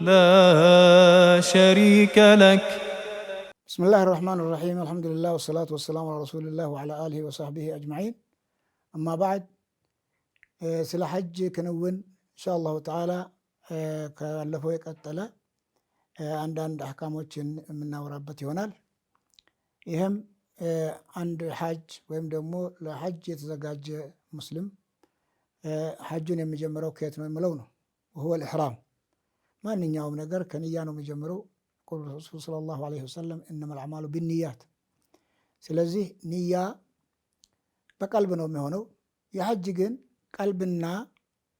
لا شريك لك بسم الله الرحمن الرحيم الحمد لله والصلاة والسلام على رسول الله وعلى آله وصحبه أجمعين أما بعد آه، سلا حج كنون إن شاء الله تعالى ካለፈው የቀጠለ አንዳንድ አህካሞችን የምናወራበት ይሆናል። ربتي ونال يهم عند ደግሞ ለሐጅ دمو لحج يتزقاج مسلم ከየት ነው የሚለው ملونه وهو الإحرام ማንኛውም ነገር ከንያ ነው የሚጀምረው። ረሱል ሰለላሁ ዐለይሂ ወሰለም እነመል አዕማሉ ቢንያት። ስለዚህ ንያ በቀልብ ነው የሚሆነው። የሐጅ ግን ቀልብና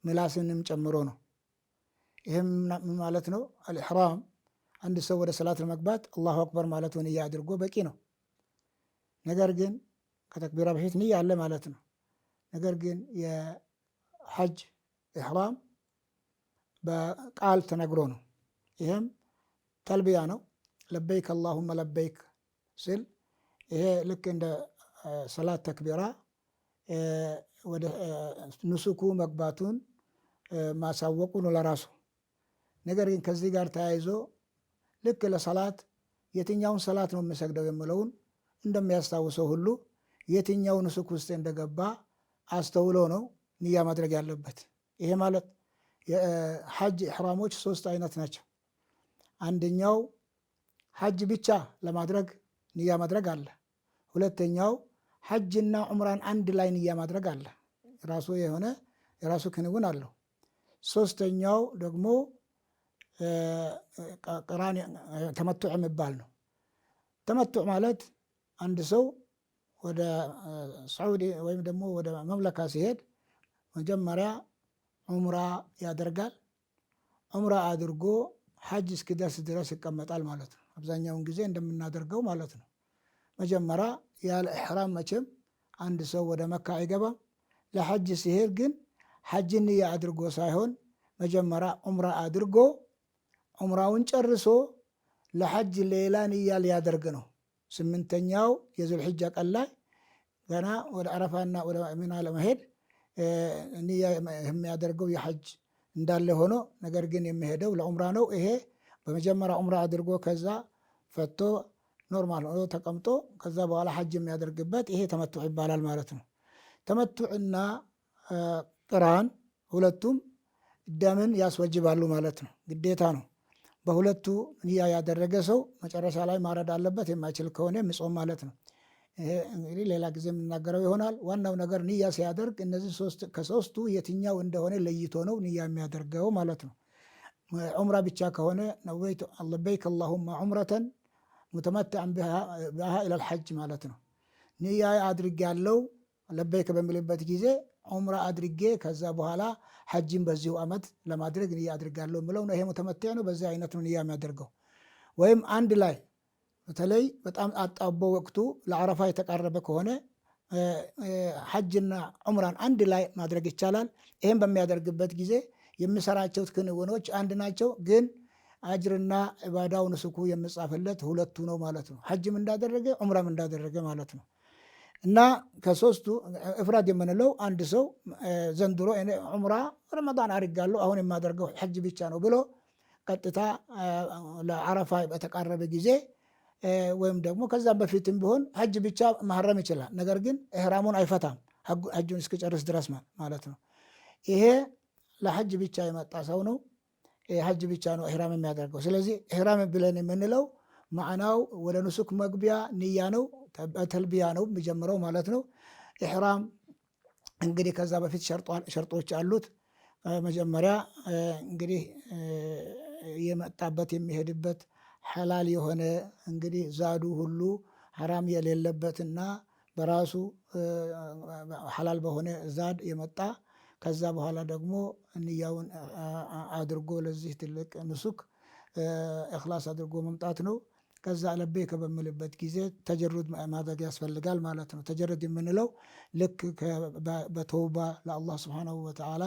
ምላስንም ጨምሮ ነው። ይህም ማለት ነው? አልኢሕራም አንድ ሰው ወደ ሰላት ለመግባት አላሁ አክበር ማለት ንያ አድርጎ በቂ ነው። ነገር ግን ከተክቢራ በፊት ንያ አለ ማለት ነው። ነገር ግን የሐጅ ኢሕራም በቃል ተነግሮ ነው። ይህም ተልቢያ ነው። ለበይክ አላሁመ ለበይክ ሲል ይሄ ልክ እንደ ሰላት ተክቢራ ወደ ንሱኩ መግባቱን ማሳወቁ ነው ለራሱ። ነገር ግን ከዚህ ጋር ተያይዞ ልክ ለሰላት የትኛውን ሰላት ነው የሚሰግደው የምለውን እንደሚያስታውሰው ሁሉ የትኛው ንሱክ ውስጥ እንደገባ አስተውሎ ነው ንያ ማድረግ ያለበት። ይሄ ማለት የሐጅ ኢሕራሞች ሶስት አይነት ናቸው። አንደኛው ሐጅ ብቻ ለማድረግ ንያ ማድረግ አለ። ሁለተኛው ሐጅና ዑምራን አንድ ላይ ንያ ማድረግ አለ። ራሱ የሆነ የራሱ ክንውን አለው። ሶስተኛው ደግሞ ቅራን ተመቱዕ የሚባል ነው። ተመቱዕ ማለት አንድ ሰው ወደ ሳዑዲ ወይም ደግሞ ወደ መምለካ ሲሄድ መጀመሪያ ዑምራ ያደርጋል። ዑምራ አድርጎ ሐጅ እስኪደርስ ድረስ ይቀመጣል ማለት ነው። አብዛኛውን ጊዜ እንደምናደርገው ማለት ነው። መጀመሪያ ያለ ኢሕራም መቼም አንድ ሰው ወደ መካ አይገባም። ለሐጅ ሲሄድ ግን ሐጅን አድርጎ ሳይሆን መጀመሪያ ዑምራ አድርጎ ዑምራውን ጨርሶ ለሐጅ ሌላ ንያ ሊያደርግ ነው። ስምንተኛው የዙልሕጃ ቀን ላይ ገና ወደ ዓረፋና ወደ ሚና ለመሄድ የሚያደርገው የሐጅ እንዳለ ሆኖ ነገር ግን የሚሄደው ለዑምራ ነው። ይሄ በመጀመሪያ ዑምራ አድርጎ ከዛ ፈቶ ኖርማል ሆኖ ተቀምጦ ከዛ በኋላ ሐጅ የሚያደርግበት ይሄ ተመቱዕ ይባላል ማለት ነው። ተመቱዕና ቅራን ሁለቱም ደምን ያስወጅባሉ ማለት ነው። ግዴታ ነው። በሁለቱ ንያ ያደረገ ሰው መጨረሻ ላይ ማረድ አለበት። የማይችል ከሆነ ምጾም ማለት ነው። ይሄ እንግዲህ ሌላ ጊዜ የምናገረው ይሆናል። ዋናው ነገር ንያ ሲያደርግ እነዚህ ሶስት ከሶስቱ የትኛው እንደሆነ ለይቶ ነው ንያ የሚያደርገው ማለት ነው። ዑምራ ብቻ ከሆነ ነወይቱ ለበይክ አላሁማ ዑምረተን ሙተመትዕን ቢሃ ኢለል ሐጅ ማለት ነው። ንያ አድርግ ያለው ለበይክ በሚልበት ጊዜ ዑምራ አድርጌ ከዛ በኋላ ሐጅን በዚሁ ዓመት ለማድረግ ንያ አድርጋለሁ የሚለው ነው። ይሄ ሙተመትዕ ነው። በዚህ አይነት ነው ንያ የሚያደርገው ወይም አንድ ላይ በተለይ በጣም አጣቦ ወቅቱ ለአረፋ የተቃረበ ከሆነ ሐጅና ዑምራን አንድ ላይ ማድረግ ይቻላል። ይህም በሚያደርግበት ጊዜ የሚሰራቸው ክንውኖች አንድ ናቸው፣ ግን አጅርና ዕባዳው ንስኩ የሚጻፍለት ሁለቱ ነው ማለት ነው። ሐጅም እንዳደረገ ዑምራም እንዳደረገ ማለት ነው። እና ከሶስቱ እፍራድ የምንለው አንድ ሰው ዘንድሮ ዑምራ ረመዳን አድርጋለሁ አሁን የማደርገው ሐጅ ብቻ ነው ብሎ ቀጥታ ለአረፋ በተቃረበ ጊዜ ወይም ደግሞ ከዛም በፊትም ቢሆን ሀጅ ብቻ ማህረም ይችላል። ነገር ግን እህራሙን አይፈታም ሀጁን እስክጨርስ ድረስ ማለት ነው። ይሄ ለሀጅ ብቻ የመጣ ሰው ነው። ሀጅ ብቻ ነው እህራም የሚያደርገው። ስለዚህ እህራም ብለን የምንለው ማዕናው ወደ ንሱክ መግቢያ ንያ ነው፣ ተልቢያ ነው የሚጀምረው ማለት ነው። እህራም እንግዲህ ከዛ በፊት ሸርጦች አሉት። መጀመሪያ እንግዲህ የመጣበት የሚሄድበት ሐላል የሆነ እንግዲህ ዛዱ ሁሉ ሐራም የሌለበትና በራሱ ሐላል በሆነ ዛድ የመጣ ከዛ በኋላ ደግሞ እንያውን አድርጎ ለዚህ ትልቅ ንሱክ እክላስ አድርጎ መምጣት ነው። ከዛ ለበይከ በምልበት ጊዜ ተጀሩድ ማድረግ ያስፈልጋል ማለት ነው። ተጀሩድ የምንለው ልክ በተውባ ለአላህ ስብሓነሁ ወተዓላ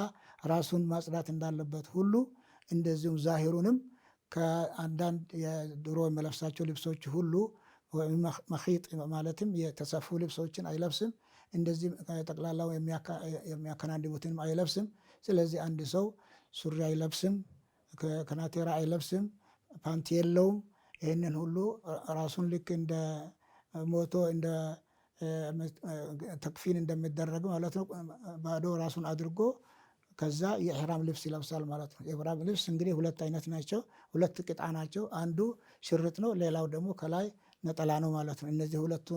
ራሱን ማጽዳት እንዳለበት ሁሉ እንደዚሁም ዛሂሩንም ከአንዳንድ የድሮ የመለብሳቸው ልብሶች ሁሉ መኺጥ ማለትም የተሰፉ ልብሶችን አይለብስም። እንደዚህ ጠቅላላው የሚያከናንቡትንም አይለብስም። ስለዚህ አንድ ሰው ሱሪ አይለብስም፣ ከናቴራ አይለብስም፣ ፓንቲ የለውም። ይህንን ሁሉ ራሱን ልክ እንደ ሞቶ እንደ ተክፊን እንደሚደረግ ማለት ነው ባዶ ራሱን አድርጎ ከዛ የኢሕራም ልብስ ይለብሳል ማለት ነው። የኢሕራም ልብስ እንግዲህ ሁለት አይነት ናቸው፣ ሁለት ቅጣ ናቸው። አንዱ ሽርጥ ነው፣ ሌላው ደግሞ ከላይ ነጠላ ነው ማለት ነው። እነዚህ ሁለቱ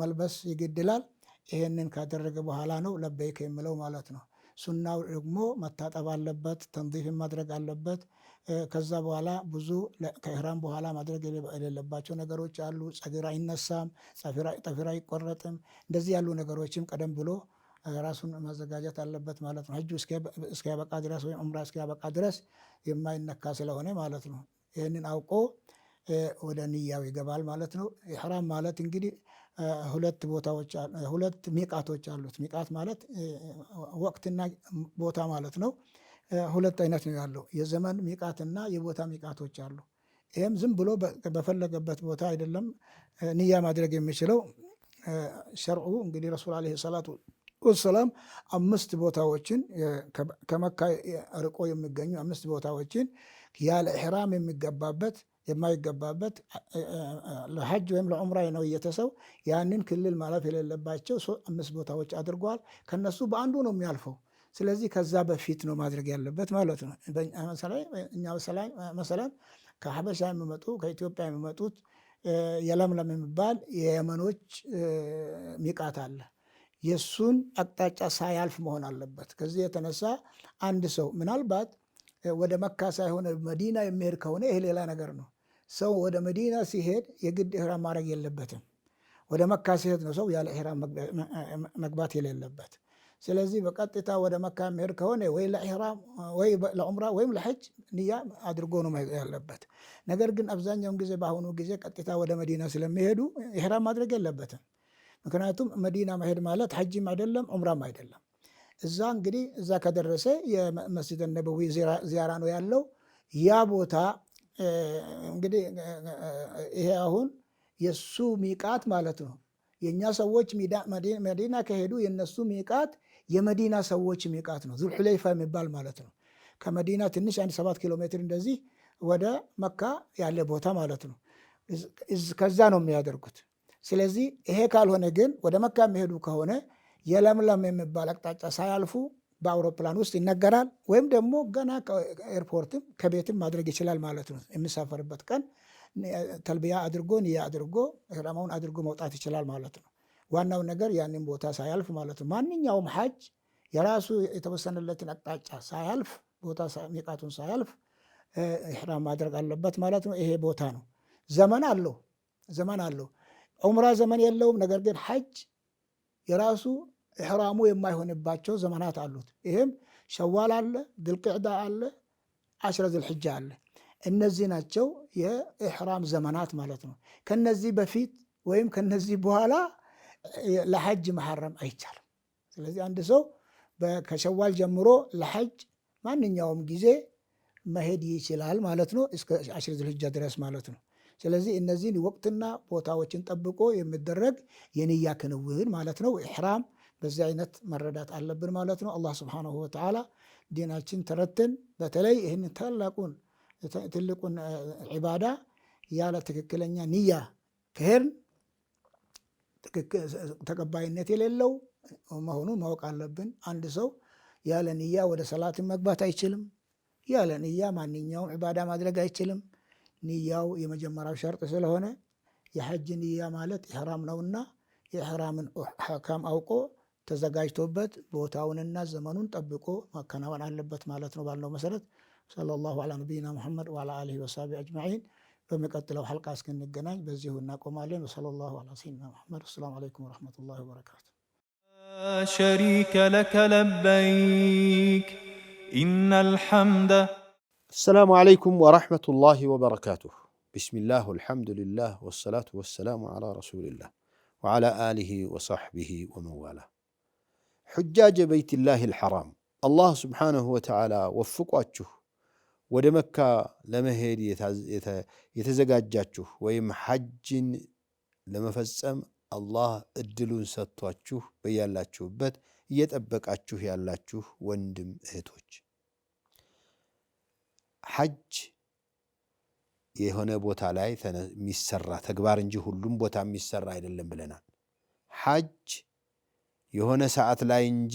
መልበስ ይገድላል። ይህንን ካደረገ በኋላ ነው ለበይክ የሚለው ማለት ነው። ሱናው ደግሞ መታጠብ አለበት፣ ተንዚፍን ማድረግ አለበት። ከዛ በኋላ ብዙ ከኢሕራም በኋላ ማድረግ የሌለባቸው ነገሮች አሉ። ጸጉር አይነሳም፣ ጠፊር አይቆረጥም። እንደዚህ ያሉ ነገሮችም ቀደም ብሎ ራሱን ማዘጋጀት አለበት ማለት ነው። ሐጁ እስኪያበቃ ድረስ ወይም ዑምራ እስኪያበቃ ድረስ የማይነካ ስለሆነ ማለት ነው። ይህንን አውቆ ወደ ንያው ይገባል ማለት ነው። ኢሕራም ማለት እንግዲህ ሁለት ቦታዎች ሁለት ሚቃቶች አሉት። ሚቃት ማለት ወቅትና ቦታ ማለት ነው። ሁለት አይነት ነው ያለው፣ የዘመን ሚቃትና የቦታ ሚቃቶች አሉ። ይህም ዝም ብሎ በፈለገበት ቦታ አይደለም ንያ ማድረግ የሚችለው ሸርዑ እንግዲህ ረሱል ዓለይሂ ሰላቱ ወሰላም አምስት ቦታዎችን ከመካ ርቆ የሚገኙ አምስት ቦታዎችን ያለ ኢሕራም የሚገባበት የማይገባበት ለሐጅ ወይም ለዑምራ ነው ሰው ያንን ክልል ማለፍ የሌለባቸው አምስት ቦታዎች አድርጓል። ከነሱ በአንዱ ነው የሚያልፈው። ስለዚህ ከዛ በፊት ነው ማድረግ ያለበት ማለት ነው። እኛ ከሐበሻ የሚመጡ ከኢትዮጵያ የሚመጡት የለምለም የሚባል የየመኖች ሚቃት አለ። የእሱን አቅጣጫ ሳያልፍ መሆን አለበት። ከዚህ የተነሳ አንድ ሰው ምናልባት ወደ መካ ሳይሆን መዲና የሚሄድ ከሆነ ይሄ ሌላ ነገር ነው። ሰው ወደ መዲና ሲሄድ የግድ ኢሕራም ማድረግ የለበትም። ወደ መካ ሲሄድ ነው ሰው ያለ ኢሕራም መግባት የሌለበት። ስለዚህ በቀጥታ ወደ መካ የሚሄድ ከሆነ ወይ ለኢሕራም ወይ ለዑምራ ወይም ለሐጅ ንያ አድርጎ ነው ያለበት። ነገር ግን አብዛኛውን ጊዜ በአሁኑ ጊዜ ቀጥታ ወደ መዲና ስለሚሄዱ ኢሕራም ማድረግ የለበትም። ምክንያቱም መዲና መሄድ ማለት ሐጅም አይደለም ዑምራም አይደለም። እዛ እንግዲህ እዛ ከደረሰ የመስጅድ ነበዊ ዚያራ ነው ያለው። ያ ቦታ እንግዲህ ይሄ አሁን የእሱ ሚቃት ማለት ነው። የእኛ ሰዎች መዲና ከሄዱ የነሱ ሚቃት የመዲና ሰዎች ሚቃት ነው። ዙልሑለይፋ የሚባል ማለት ነው። ከመዲና ትንሽ አንድ ሰባት ኪሎ ሜትር እንደዚህ ወደ መካ ያለ ቦታ ማለት ነው። ከዛ ነው የሚያደርጉት። ስለዚህ ይሄ ካልሆነ ግን ወደ መካ የሚሄዱ ከሆነ የለምለም የሚባል አቅጣጫ ሳያልፉ በአውሮፕላን ውስጥ ይነገራል። ወይም ደግሞ ገና ኤርፖርትም ከቤትም ማድረግ ይችላል ማለት ነው። የሚሳፈርበት ቀን ተልቢያ አድርጎ ንያ አድርጎ ኢሕራማውን አድርጎ መውጣት ይችላል ማለት ነው። ዋናው ነገር ያንን ቦታ ሳያልፍ ማለት ነው። ማንኛውም ሐጅ የራሱ የተወሰነለትን አቅጣጫ ሳያልፍ ቦታ ሚቃቱን ሳያልፍ ኢሕራም ማድረግ አለበት ማለት ነው። ይሄ ቦታ ነው ዘመን አለው ዘመን አለው ዑምራ ዘመን የለውም። ነገር ግን ሐጅ የራሱ ኢሕራሙ የማይሆንባቸው ዘመናት አሉት። ይህም ሸዋል አለ፣ ድልቅዕዳ አለ፣ አሽረ ዝልሕጃ አለ። እነዚህ ናቸው የኢሕራም ዘመናት ማለት ነው። ከነዚህ በፊት ወይም ከነዚህ በኋላ ለሐጅ መሐረም አይቻልም። ስለዚህ አንድ ሰው ከሸዋል ጀምሮ ለሐጅ ማንኛውም ጊዜ መሄድ ይችላል ማለት ነው። እስከ አሽረ ዝልሕጃ ድረስ ማለት ነው። ስለዚህ እነዚህን ወቅትና ቦታዎችን ጠብቆ የሚደረግ የንያ ክንውን ማለት ነው። ኢሕራም በዚህ አይነት መረዳት አለብን ማለት ነው። አላህ ስብሓነሁ ወተዓላ ዲናችን ተረትን በተለይ ይህን ታላቁን ትልቁን ዒባዳ ያለ ትክክለኛ ንያ ክሄን ተቀባይነት የሌለው መሆኑን ማወቅ አለብን። አንድ ሰው ያለ ንያ ወደ ሰላትን መግባት አይችልም። ያለ ንያ ማንኛውም ዒባዳ ማድረግ አይችልም። نياو يمجمرا شرط سلهونه يحج نيا مالت احرام نونا احرام حكام اوقو تزغاج توبت بوتاون الناس زمنون تبقو ما كان وانا لبت مالت نو بالنو صلى الله على نبينا محمد وعلى اله وصحبه اجمعين بمقتلوا حلقه اسكن نغناي بزيو مالين وصلى الله على سيدنا محمد السلام عليكم ورحمه الله وبركاته شريك لك لبيك إن الحمد السلام عليكم ورحمة الله وبركاته بسم الله والحمد لله والصلاة والسلام على رسول الله وعلى آله وصحبه ومن والاه حجاج بيت الله الحرام الله سبحانه وتعالى وفقواته ወደ መካ الله የተዘጋጃችሁ ወይም ሐጅን ለመፈጸም አላህ እድሉን ሰጥቷችሁ በያላችሁበት እየጠበቃችሁ ያላችሁ واندم እህቶች ሐጅ የሆነ ቦታ ላይ የሚሰራ ተግባር እንጂ ሁሉም ቦታ የሚሰራ አይደለም ብለናል። ሐጅ የሆነ ሰዓት ላይ እንጂ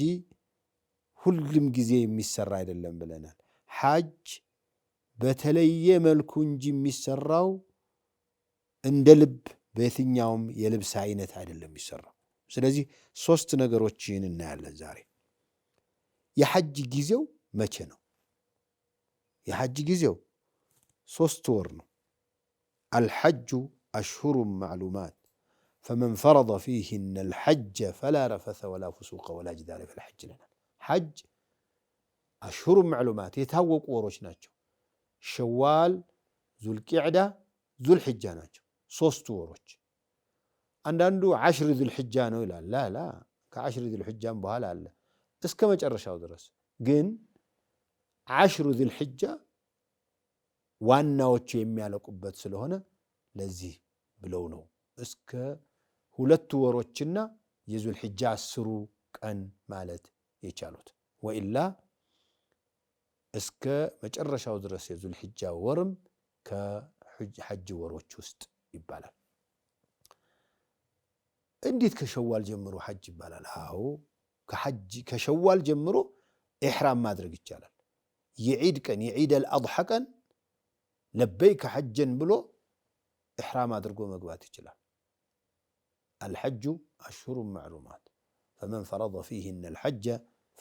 ሁሉም ጊዜ የሚሰራ አይደለም ብለናል። ሐጅ በተለየ መልኩ እንጂ የሚሰራው እንደ ልብ በየትኛውም የልብስ አይነት አይደለም የሚሰራው። ስለዚህ ሶስት ነገሮችን እናያለን ዛሬ። የሐጅ ጊዜው መቼ ነው? የሐጅ ጊዜው ሶስት ወር ነው። አልሐጁ አሽሁሩን ማዕሉማት ፈመን ፈረደ ፊህነ አልሐጀ ፈላ ረፈሰ ወላ ፍሱቀ ወላ ጅዳለ ፊልሐጅ ይለናል። ሐጅ አሽሁሩን ማዕሉማት የታወቁ ወሮች ናቸው። ሸዋል፣ ዙልቂዕዳ፣ ዙልሕጃ ናቸው ሶስቱ ወሮች። አንዳንዱ ዓሽር ዙልሕጃ ነው ይላል። ላ ላ ከዓሽር ዙልሕጃም በኋላ አለ እስከ መጨረሻው ድረስ ግን አሽሩ ሕጃ ዋናዎቹ የሚያለቁበት ስለሆነ ለዚህ ብለው ነው እስከ ሁለቱ ወሮችና ሕጃ አስሩ ቀን ማለት የቻሉት። ወኢላ እስከ መጨረሻው ድረስ ሕጃ ወርም ከሐጅ ወሮች ውስጥ ይባላል። እንዴት ከሸዋል ጀምሮ ሐጅ ይባላል? አዎ ከሸዋል ጀምሮ ኢሕራም ማድረግ ይቻላል። የዒድ ቀን የዒደል አድሓ ቀን ለበይከ ሐጀን ብሎ ኢሕራም አድርጎ መግባት ይችላል። አልሐጁ አሽሁሩን ማዕሉማት ፈመን ፈረደ ፊህነ አልሐጀ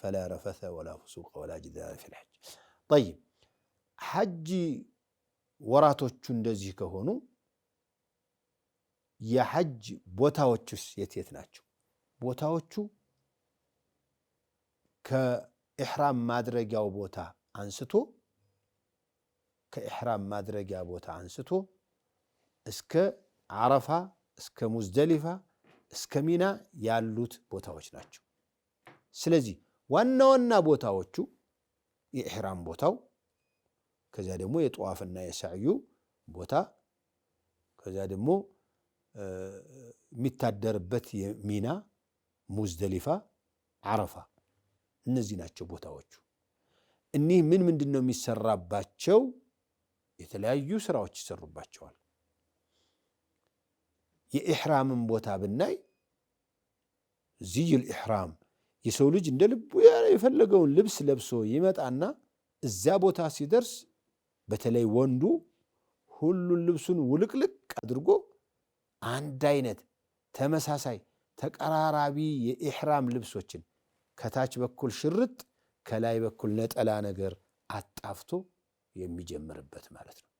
ፈላ ረፈሰ ወላ ፍሱቀ ወላ ጅዳለ ፊል ሐጅ። ጠይብ ሐጂ ወራቶቹ እንደዚህ ከሆኑ የሐጅ ቦታዎቹስ የት የት ናቸው? ቦታዎቹ ከኢሕራም ማድረጊያው ቦታ አንስቶ ከኢሕራም ማድረጊያ ቦታ አንስቶ እስከ አረፋ እስከ ሙዝደሊፋ እስከ ሚና ያሉት ቦታዎች ናቸው። ስለዚህ ዋና ዋና ቦታዎቹ የኢሕራም ቦታው፣ ከዚያ ደግሞ የጠዋፍና የሰዕዩ ቦታ፣ ከዚያ ደግሞ የሚታደርበት የሚና፣ ሙዝደሊፋ፣ አረፋ እነዚህ ናቸው ቦታዎቹ። እኒህ ምን ምንድን ነው የሚሰራባቸው? የተለያዩ ስራዎች ይሰሩባቸዋል። የኢሕራምን ቦታ ብናይ ዝይል ኢሕራም የሰው ልጅ እንደ ልቡ የፈለገውን ልብስ ለብሶ ይመጣና እዚያ ቦታ ሲደርስ በተለይ ወንዱ ሁሉን ልብሱን ውልቅልቅ አድርጎ አንድ አይነት ተመሳሳይ ተቀራራቢ የኢሕራም ልብሶችን ከታች በኩል ሽርጥ ከላይ በኩል ነጠላ ነገር አጣፍቶ የሚጀምርበት ማለት ነው።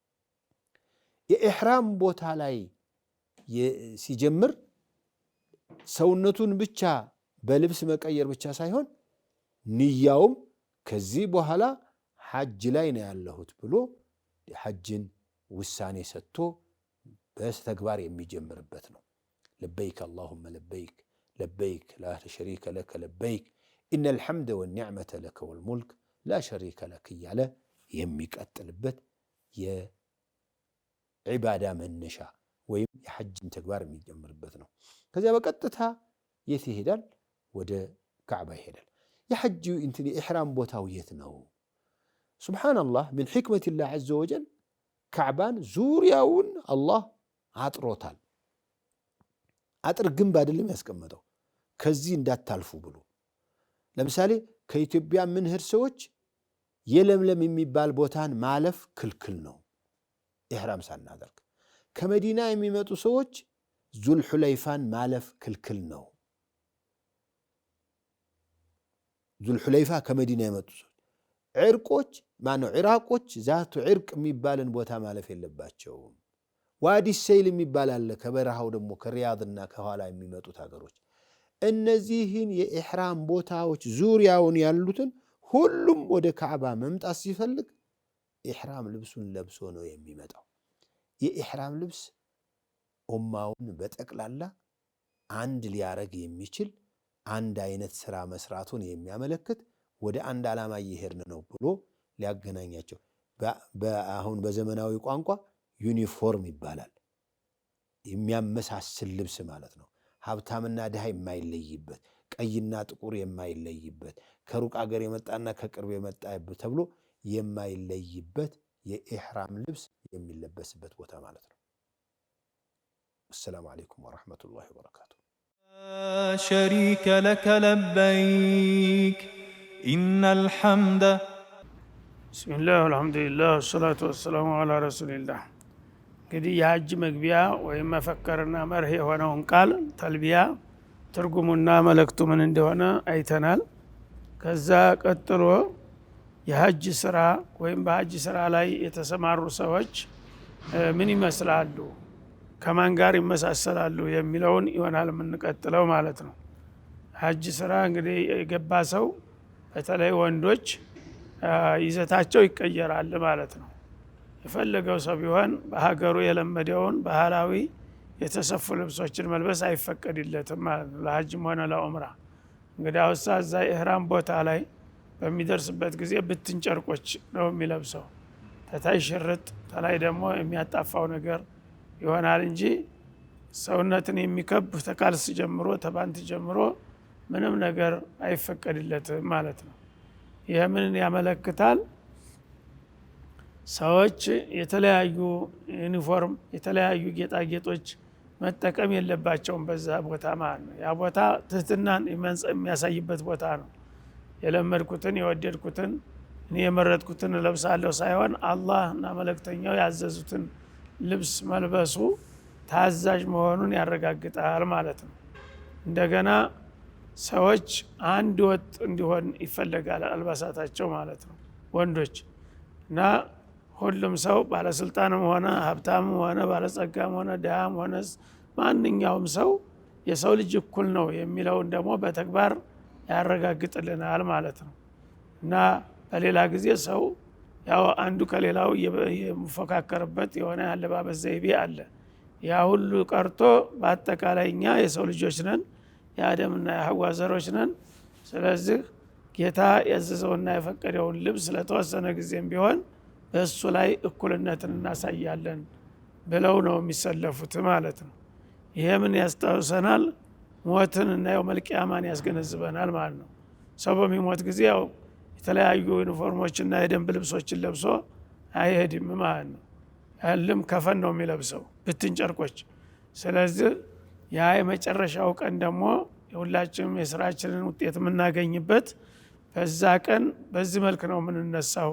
የኢሕራም ቦታ ላይ ሲጀምር ሰውነቱን ብቻ በልብስ መቀየር ብቻ ሳይሆን ንያውም ከዚህ በኋላ ሐጅ ላይ ነው ያለሁት ብሎ ሐጅን ውሳኔ ሰጥቶ በተግባር የሚጀምርበት ነው። ለበይክ አላሁመ ለበይክ ለበይክ ላ ሸሪከ ለከ ለበይክ ኢነል ሐምደ ወኒዕመተ ለከ ወልሙልክ ላሸሪከ ለክ እያለ የሚቀጥልበት የዒባዳ መነሻ ወይም የሐጅን ተግባር የሚጀምርበት ነው። ከዚያ በቀጥታ የት ይሄዳል? ወደ ካዕባ ይሄዳል። የሐጅ እንትን የኢሕራም ቦታው የት ነው? ሱብሓነላህ ምን ሕክመቲላህ ዐዘ ወጀል ካዕባን ዙሪያውን አላህ አጥሮታል። አጥር ግንብ አይደለም ያስቀመጠው ከዚህ እንዳታልፉ ብሎ ለምሳሌ ከኢትዮጵያ ምንህር ሰዎች የለምለም የሚባል ቦታን ማለፍ ክልክል ነው፣ ኢሕራም ሳናደርግ። ከመዲና የሚመጡ ሰዎች ዙልሑለይፋን ማለፍ ክልክል ነው። ዙልሑለይፋ ከመዲና የመጡ ሰዎች ዕርቆች ማነው ዒራቆች ዛቱ ዕርቅ የሚባልን ቦታ ማለፍ የለባቸውም። ዋዲ ሰይል የሚባል አለ። ከበረሃው ደግሞ ከሪያድና ከኋላ የሚመጡት ሀገሮች እነዚህን የኢሕራም ቦታዎች ዙሪያውን ያሉትን ሁሉም ወደ ካዕባ መምጣት ሲፈልግ ኢሕራም ልብሱን ለብሶ ነው የሚመጣው። የኢሕራም ልብስ ኡማውን በጠቅላላ አንድ ሊያረግ የሚችል አንድ አይነት ስራ መስራቱን የሚያመለክት ወደ አንድ ዓላማ እየሄድን ነው ብሎ ሊያገናኛቸው አሁን በዘመናዊ ቋንቋ ዩኒፎርም ይባላል። የሚያመሳስል ልብስ ማለት ነው። ሀብታምና ድሃ የማይለይበት፣ ቀይና ጥቁር የማይለይበት፣ ከሩቅ አገር የመጣና ከቅርብ የመጣ ተብሎ የማይለይበት የኢሕራም ልብስ የሚለበስበት ቦታ ማለት ነው። አሰላሙ አለይኩም ወረሕመቱላሂ ወበረካቱ። ሸሪከ ለከ ለበይክ ኢነል ሐምደ ቢስሚላህ አልሐምዱሊላህ ወሰላቱ ወሰላሙ አላ ረሱሊላህ እንግዲህ የሀጅ መግቢያ ወይም መፈከርና መርህ የሆነውን ቃል ተልቢያ ትርጉሙና መልእክቱ ምን እንደሆነ አይተናል። ከዛ ቀጥሎ የሀጅ ስራ ወይም በሀጅ ስራ ላይ የተሰማሩ ሰዎች ምን ይመስላሉ፣ ከማን ጋር ይመሳሰላሉ የሚለውን ይሆናል የምንቀጥለው ማለት ነው። ሀጅ ስራ እንግዲህ የገባ ሰው በተለይ ወንዶች ይዘታቸው ይቀየራል ማለት ነው። የፈለገው ሰው ቢሆን በሀገሩ የለመደውን ባህላዊ የተሰፉ ልብሶችን መልበስ አይፈቀድለትም ማለት ነው፣ ለሀጅም ሆነ ለኦምራ እንግዲህ አውሳ እዛ ኢህራም ቦታ ላይ በሚደርስበት ጊዜ ብትን ጨርቆች ነው የሚለብሰው። ተታይ ሽርጥ፣ ተላይ ደግሞ የሚያጣፋው ነገር ይሆናል እንጂ ሰውነትን የሚከብ ተቃልስ ጀምሮ ተባንት ጀምሮ ምንም ነገር አይፈቀድለትም ማለት ነው። ይህ ምንን ያመለክታል? ሰዎች የተለያዩ ዩኒፎርም የተለያዩ ጌጣጌጦች መጠቀም የለባቸውም። በዛ ቦታ ማለት ነው። ያ ቦታ ትህትናን የሚያሳይበት ቦታ ነው። የለመድኩትን የወደድኩትን እኔ የመረጥኩትን እለብሳለሁ ሳይሆን አላህ እና መልእክተኛው ያዘዙትን ልብስ መልበሱ ታዛዥ መሆኑን ያረጋግጣል ማለት ነው። እንደገና ሰዎች አንድ ወጥ እንዲሆን ይፈለጋል አልባሳታቸው ማለት ነው ወንዶች እና ሁሉም ሰው ባለስልጣንም ሆነ ሀብታምም ሆነ ባለጸጋም ሆነ ድሃም ሆነ ማንኛውም ሰው የሰው ልጅ እኩል ነው የሚለውን ደግሞ በተግባር ያረጋግጥልናል ማለት ነው እና በሌላ ጊዜ ሰው ያው አንዱ ከሌላው የሚፎካከርበት የሆነ አለባበስ ዘይቤ አለ። ያ ሁሉ ቀርቶ በአጠቃላይ እኛ የሰው ልጆች ነን፣ የአደምና የሐዋ ዘሮች ነን። ስለዚህ ጌታ ያዘዘውና የፈቀደውን ልብስ ለተወሰነ ጊዜም ቢሆን በእሱ ላይ እኩልነትን እናሳያለን ብለው ነው የሚሰለፉት ማለት ነው። ይሄ ምን ያስታውሰናል? ሞትን እና የው መልቅያማን ያስገነዝበናል ማለት ነው። ሰው በሚሞት ጊዜ ያው የተለያዩ ዩኒፎርሞችና የደንብ ልብሶችን ለብሶ አይሄድም ማለት ነው። ያልም ከፈን ነው የሚለብሰው ብትን ጨርቆች። ስለዚህ ያ የመጨረሻው ቀን ደግሞ የሁላችንም የስራችንን ውጤት የምናገኝበት በዛ ቀን በዚህ መልክ ነው የምንነሳው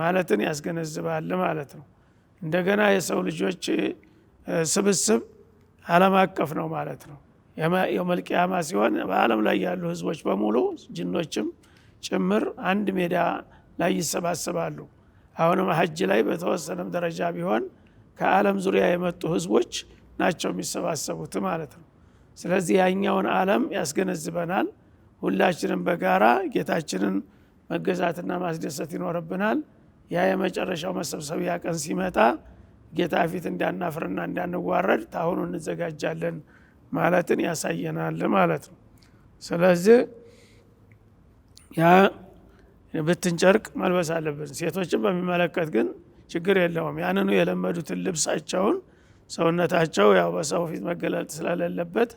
ማለትን ያስገነዝባል ማለት ነው። እንደገና የሰው ልጆች ስብስብ ዓለም አቀፍ ነው ማለት ነው። የመልቅያማ ሲሆን በዓለም ላይ ያሉ ህዝቦች በሙሉ ጅኖችም ጭምር አንድ ሜዳ ላይ ይሰባሰባሉ። አሁንም ሀጅ ላይ በተወሰነም ደረጃ ቢሆን ከዓለም ዙሪያ የመጡ ህዝቦች ናቸው የሚሰባሰቡት ማለት ነው። ስለዚህ ያኛውን ዓለም ያስገነዝበናል። ሁላችንም በጋራ ጌታችንን መገዛትና ማስደሰት ይኖርብናል። ያ የመጨረሻው መሰብሰቢያ ቀን ሲመጣ ጌታ ፊት እንዳናፍርና እንዳንዋረድ ታሁኑ እንዘጋጃለን ማለትን ያሳየናል ማለት ነው። ስለዚህ ያ ብትን ጨርቅ መልበስ አለብን። ሴቶችን በሚመለከት ግን ችግር የለውም። ያንኑ የለመዱትን ልብሳቸውን ሰውነታቸው ያው በሰው ፊት መገለጥ ስለሌለበት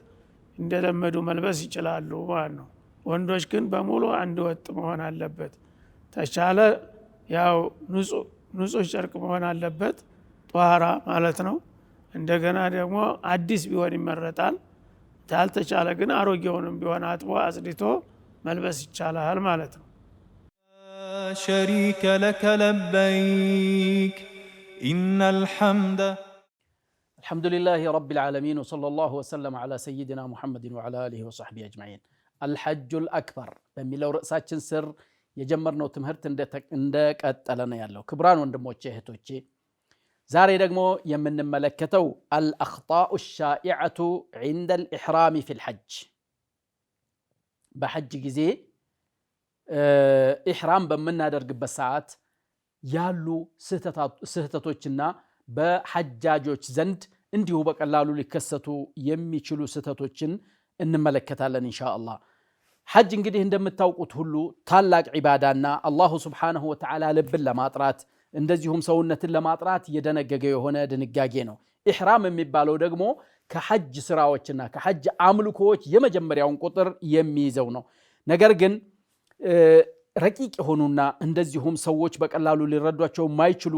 እንደለመዱ መልበስ ይችላሉ ማለት ነው። ወንዶች ግን በሙሉ አንድ ወጥ መሆን አለበት ተቻለ ያው ንጹህ ጨርቅ መሆን አለበት ጧራ ማለት ነው። እንደገና ደግሞ አዲስ ቢሆን ይመረጣል። ካልተቻለ ግን አሮጌውንም ቢሆን አጥቦ አጽድቶ መልበስ ይቻላል ማለት ነው። ሸሪከ ለከ ለበይክ ኢነ ልሐምደ አልሐምዱሊላህ ረቢል ዓለሚን ወሰለ ላሁ ወሰለም ዓላ ሰይድና ሙሐመድን ወዓላ አሊሂ ወሰሕቢሂ አጅማዒን። አልሐጁል አክበር በሚለው ርዕሳችን ስር የጀመርነው ትምህርት እንደቀጠለ ነው ያለው። ክቡራን ወንድሞቼ እህቶቼ፣ ዛሬ ደግሞ የምንመለከተው አልአኽጣኡ ሻኢዐቱ ዒንደ ልኢሕራሚ ፊል ሐጅ በሐጅ ጊዜ ኢሕራም በምናደርግበት ሰዓት ያሉ ስህተቶችና በሐጃጆች ዘንድ እንዲሁ በቀላሉ ሊከሰቱ የሚችሉ ስህተቶችን እንመለከታለን ኢንሻ አላህ። ሐጅ እንግዲህ እንደምታውቁት ሁሉ ታላቅ ዒባዳና አላሁ ስብሓነሁ ወተዓላ ልብን ለማጥራት እንደዚሁም ሰውነትን ለማጥራት እየደነገገ የሆነ ድንጋጌ ነው። ኢሕራም የሚባለው ደግሞ ከሐጅ ስራዎችና ከሐጅ አምልኮዎች የመጀመሪያውን ቁጥር የሚይዘው ነው። ነገር ግን ረቂቅ የሆኑና እንደዚሁም ሰዎች በቀላሉ ሊረዷቸው የማይችሉ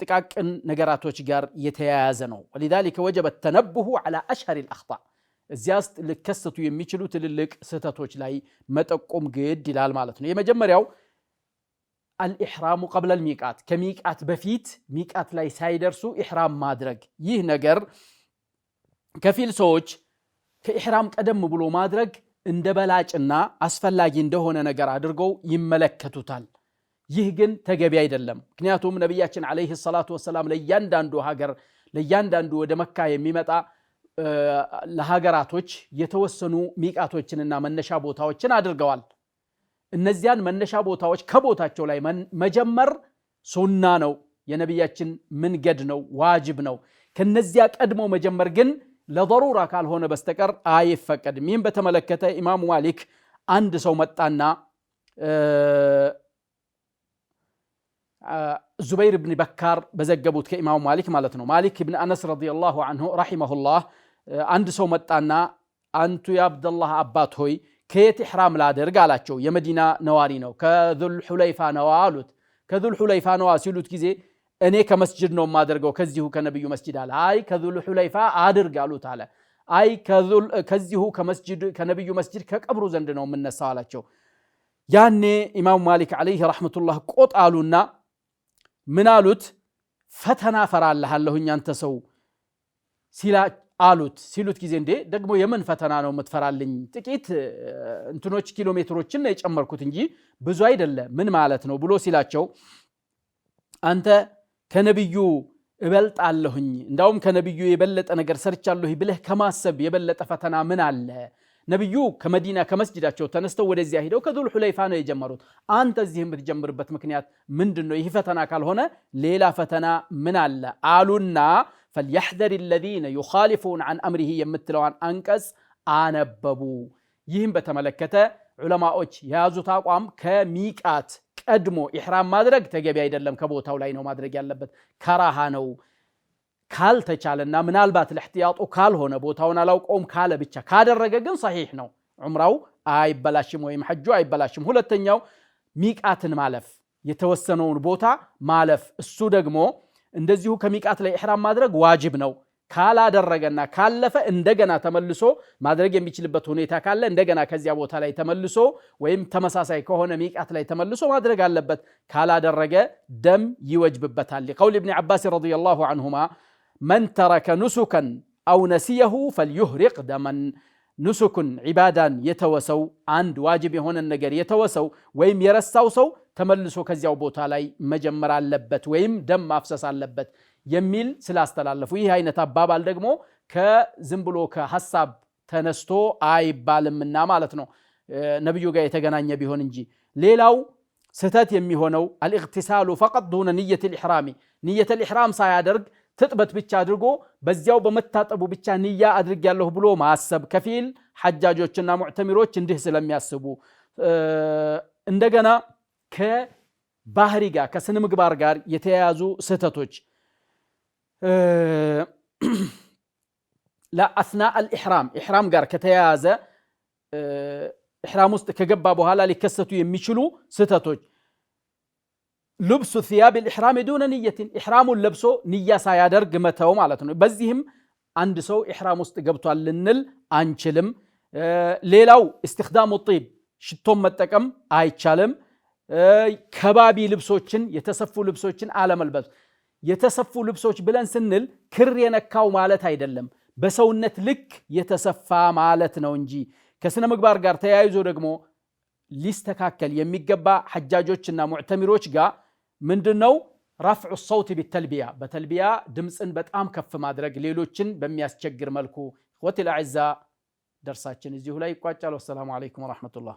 ጥቃቅን ነገራቶች ጋር የተያያዘ ነው። ወሊዛሊከ ወጀበት ተነብሁ ዐላ አሽሀሪል አኽጣእ እዚያ ውስጥ ሊከሰቱ የሚችሉ ትልልቅ ስህተቶች ላይ መጠቆም ግድ ይላል ማለት ነው። የመጀመሪያው አልኢሕራሙ ቀብለል ሚቃት ከሚቃት በፊት ሚቃት ላይ ሳይደርሱ ኢሕራም ማድረግ። ይህ ነገር ከፊል ሰዎች ከኢሕራም ቀደም ብሎ ማድረግ እንደ በላጭና አስፈላጊ እንደሆነ ነገር አድርገው ይመለከቱታል። ይህ ግን ተገቢ አይደለም። ምክንያቱም ነቢያችን ዓለይሂ ሰላቱ ወሰላም ለእያንዳንዱ ሀገር ለእያንዳንዱ ወደ መካ የሚመጣ ለሀገራቶች የተወሰኑ ሚቃቶችንና መነሻ ቦታዎችን አድርገዋል። እነዚያን መነሻ ቦታዎች ከቦታቸው ላይ መጀመር ሱና ነው፣ የነቢያችን መንገድ ነው፣ ዋጅብ ነው። ከነዚያ ቀድሞ መጀመር ግን ለዘሩራ ካልሆነ በስተቀር አይፈቀድም። ይህም በተመለከተ ኢማሙ ማሊክ አንድ ሰው መጣና ዙበይር ብን በካር በዘገቡት ከኢማሙ ማሊክ ማለት ነው ማሊክ ብን አነስ ረዲየላሁ አንሁ ረሂመሁላህ አንድ ሰው መጣና አንቱ የአብደላህ አባት ሆይ ከየት ኢሕራም ላደርግ አላቸው። የመዲና ነዋሪ ነው። ከዙል ሑለይፋ ነዋ አሉት። ከዙል ሑለይፋ ነዋ ሲሉት ጊዜ እኔ ከመስጅድ ነው የማደርገው ከዚሁ ከነቢዩ መስጅድ አለ። አይ ከዙል ሑለይፋ አድርግ አሉት አለ። አይ ከዚሁ ከመስጅድ ከነቢዩ መስጅድ ከቀብሩ ዘንድ ነው የምነሳው አላቸው። ያኔ ኢማሙ ማሊክ ዓለይህ ረሕመቱላህ ቆጥ አሉና ምን አሉት? ፈተና ፈራልሃለሁኝ አንተ ሰው አሉት ሲሉት ጊዜ እንዴ ደግሞ የምን ፈተና ነው የምትፈራልኝ? ጥቂት እንትኖች ኪሎ ሜትሮችን ነው የጨመርኩት እንጂ ብዙ አይደለም፣ ምን ማለት ነው ብሎ ሲላቸው አንተ ከነቢዩ እበልጣለሁኝ እንዳውም ከነቢዩ የበለጠ ነገር ሰርቻለሁ ብለህ ከማሰብ የበለጠ ፈተና ምን አለ? ነቢዩ ከመዲና ከመስጅዳቸው ተነስተው ወደዚያ ሂደው ከዙል ሁለይፋ ነው የጀመሩት። አንተ እዚህ የምትጀምርበት ምክንያት ምንድን ነው? ይህ ፈተና ካልሆነ ሌላ ፈተና ምን አለ አሉና ፈልየሕዘር ለዚነ ዩኻሊፉን አን አምሪሂ የምትለዋን አንቀጽ አነበቡ። ይህም በተመለከተ ዑለማዎች የያዙት አቋም ከሚቃት ቀድሞ ኢሕራም ማድረግ ተገቢ አይደለም፣ ከቦታው ላይ ነው ማድረግ ያለበት፣ ከራሃ ነው። ካልተቻለና ምናልባት ለእሕትያጡ ካልሆነ ቦታውን አላውቀውም ካለ ብቻ ካደረገ ግን ሰሒሕ ነው፣ ዑምራው አይበላሽም ወይም ሐጁ አይበላሽም። ሁለተኛው ሚቃትን ማለፍ የተወሰነውን ቦታ ማለፍ እሱ ደግሞ እንደዚሁ ከሚቃት ላይ ኢሕራም ማድረግ ዋጅብ ነው። ካላደረገና ካለፈ እንደገና ተመልሶ ማድረግ የሚችልበት ሁኔታ ካለ እንደገና ከዚያ ቦታ ላይ ተመልሶ ወይም ተመሳሳይ ከሆነ ሚቃት ላይ ተመልሶ ማድረግ አለበት። ካላደረገ ደም ይወጅብበታል። ሊቀውል እብኒ ዓባስ ረዲየላሁ ዐንሁማ መን ተረከ ኑሱከን አው ነሲየሁ ፈልዩህሪቅ ደመን። ኑሱኩን ዒባዳን የተወሰው አንድ ዋጅብ የሆነን ነገር የተወሰው ወይም የረሳው ሰው ተመልሶ ከዚያው ቦታ ላይ መጀመር አለበት ወይም ደም ማፍሰስ አለበት የሚል ስላስተላለፉ ይህ አይነት አባባል ደግሞ ከዝም ብሎ ከሀሳብ ተነስቶ አይባልምና ማለት ነው ነቢዩ ጋር የተገናኘ ቢሆን እንጂ። ሌላው ስህተት የሚሆነው አልእቅትሳሉ ፈቀጥ ዱነ ንየት ልሕራሚ ንየት ልሕራም ሳያደርግ ትጥበት ብቻ አድርጎ በዚያው በመታጠቡ ብቻ ንያ አድርግ ያለሁ ብሎ ማሰብ ከፊል ሐጃጆችና ሙዕተሚሮች እንዲህ ስለሚያስቡ እንደገና ከባህሪ ጋር ከስነ ምግባር ጋር የተያያዙ ስህተቶች ለአስና አልኢሕራም ኢሕራም ጋር ከተያያዘ ኢሕራም ውስጥ ከገባ በኋላ ሊከሰቱ የሚችሉ ስህተቶች ልብሱ ثياب الإحرام دون نية إحرامን ለብሶ ንያ ሳያደርግ መተው ማለት ነው። በዚህም አንድ ሰው ኢሕራም ውስጥ ገብቷል ልንል አንችልም። ሌላው استخدام الطيب ሽቶም መጠቀም አይቻልም። ከባቢ ልብሶችን የተሰፉ ልብሶችን አለመልበስ። የተሰፉ ልብሶች ብለን ስንል ክር የነካው ማለት አይደለም፣ በሰውነት ልክ የተሰፋ ማለት ነው እንጂ። ከስነ ምግባር ጋር ተያይዞ ደግሞ ሊስተካከል የሚገባ ሐጃጆችና ሙዕተሚሮች ጋር ምንድን ነው ረፍዑ ሰውት ቢተልቢያ፣ በተልቢያ ድምፅን በጣም ከፍ ማድረግ ሌሎችን በሚያስቸግር መልኩ። ወትል አዕዛ ደርሳችን እዚሁ ላይ ይቋጫል። ወሰላሙ አለይኩም ወረሕመቱላህ።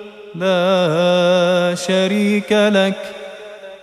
لا شريك لك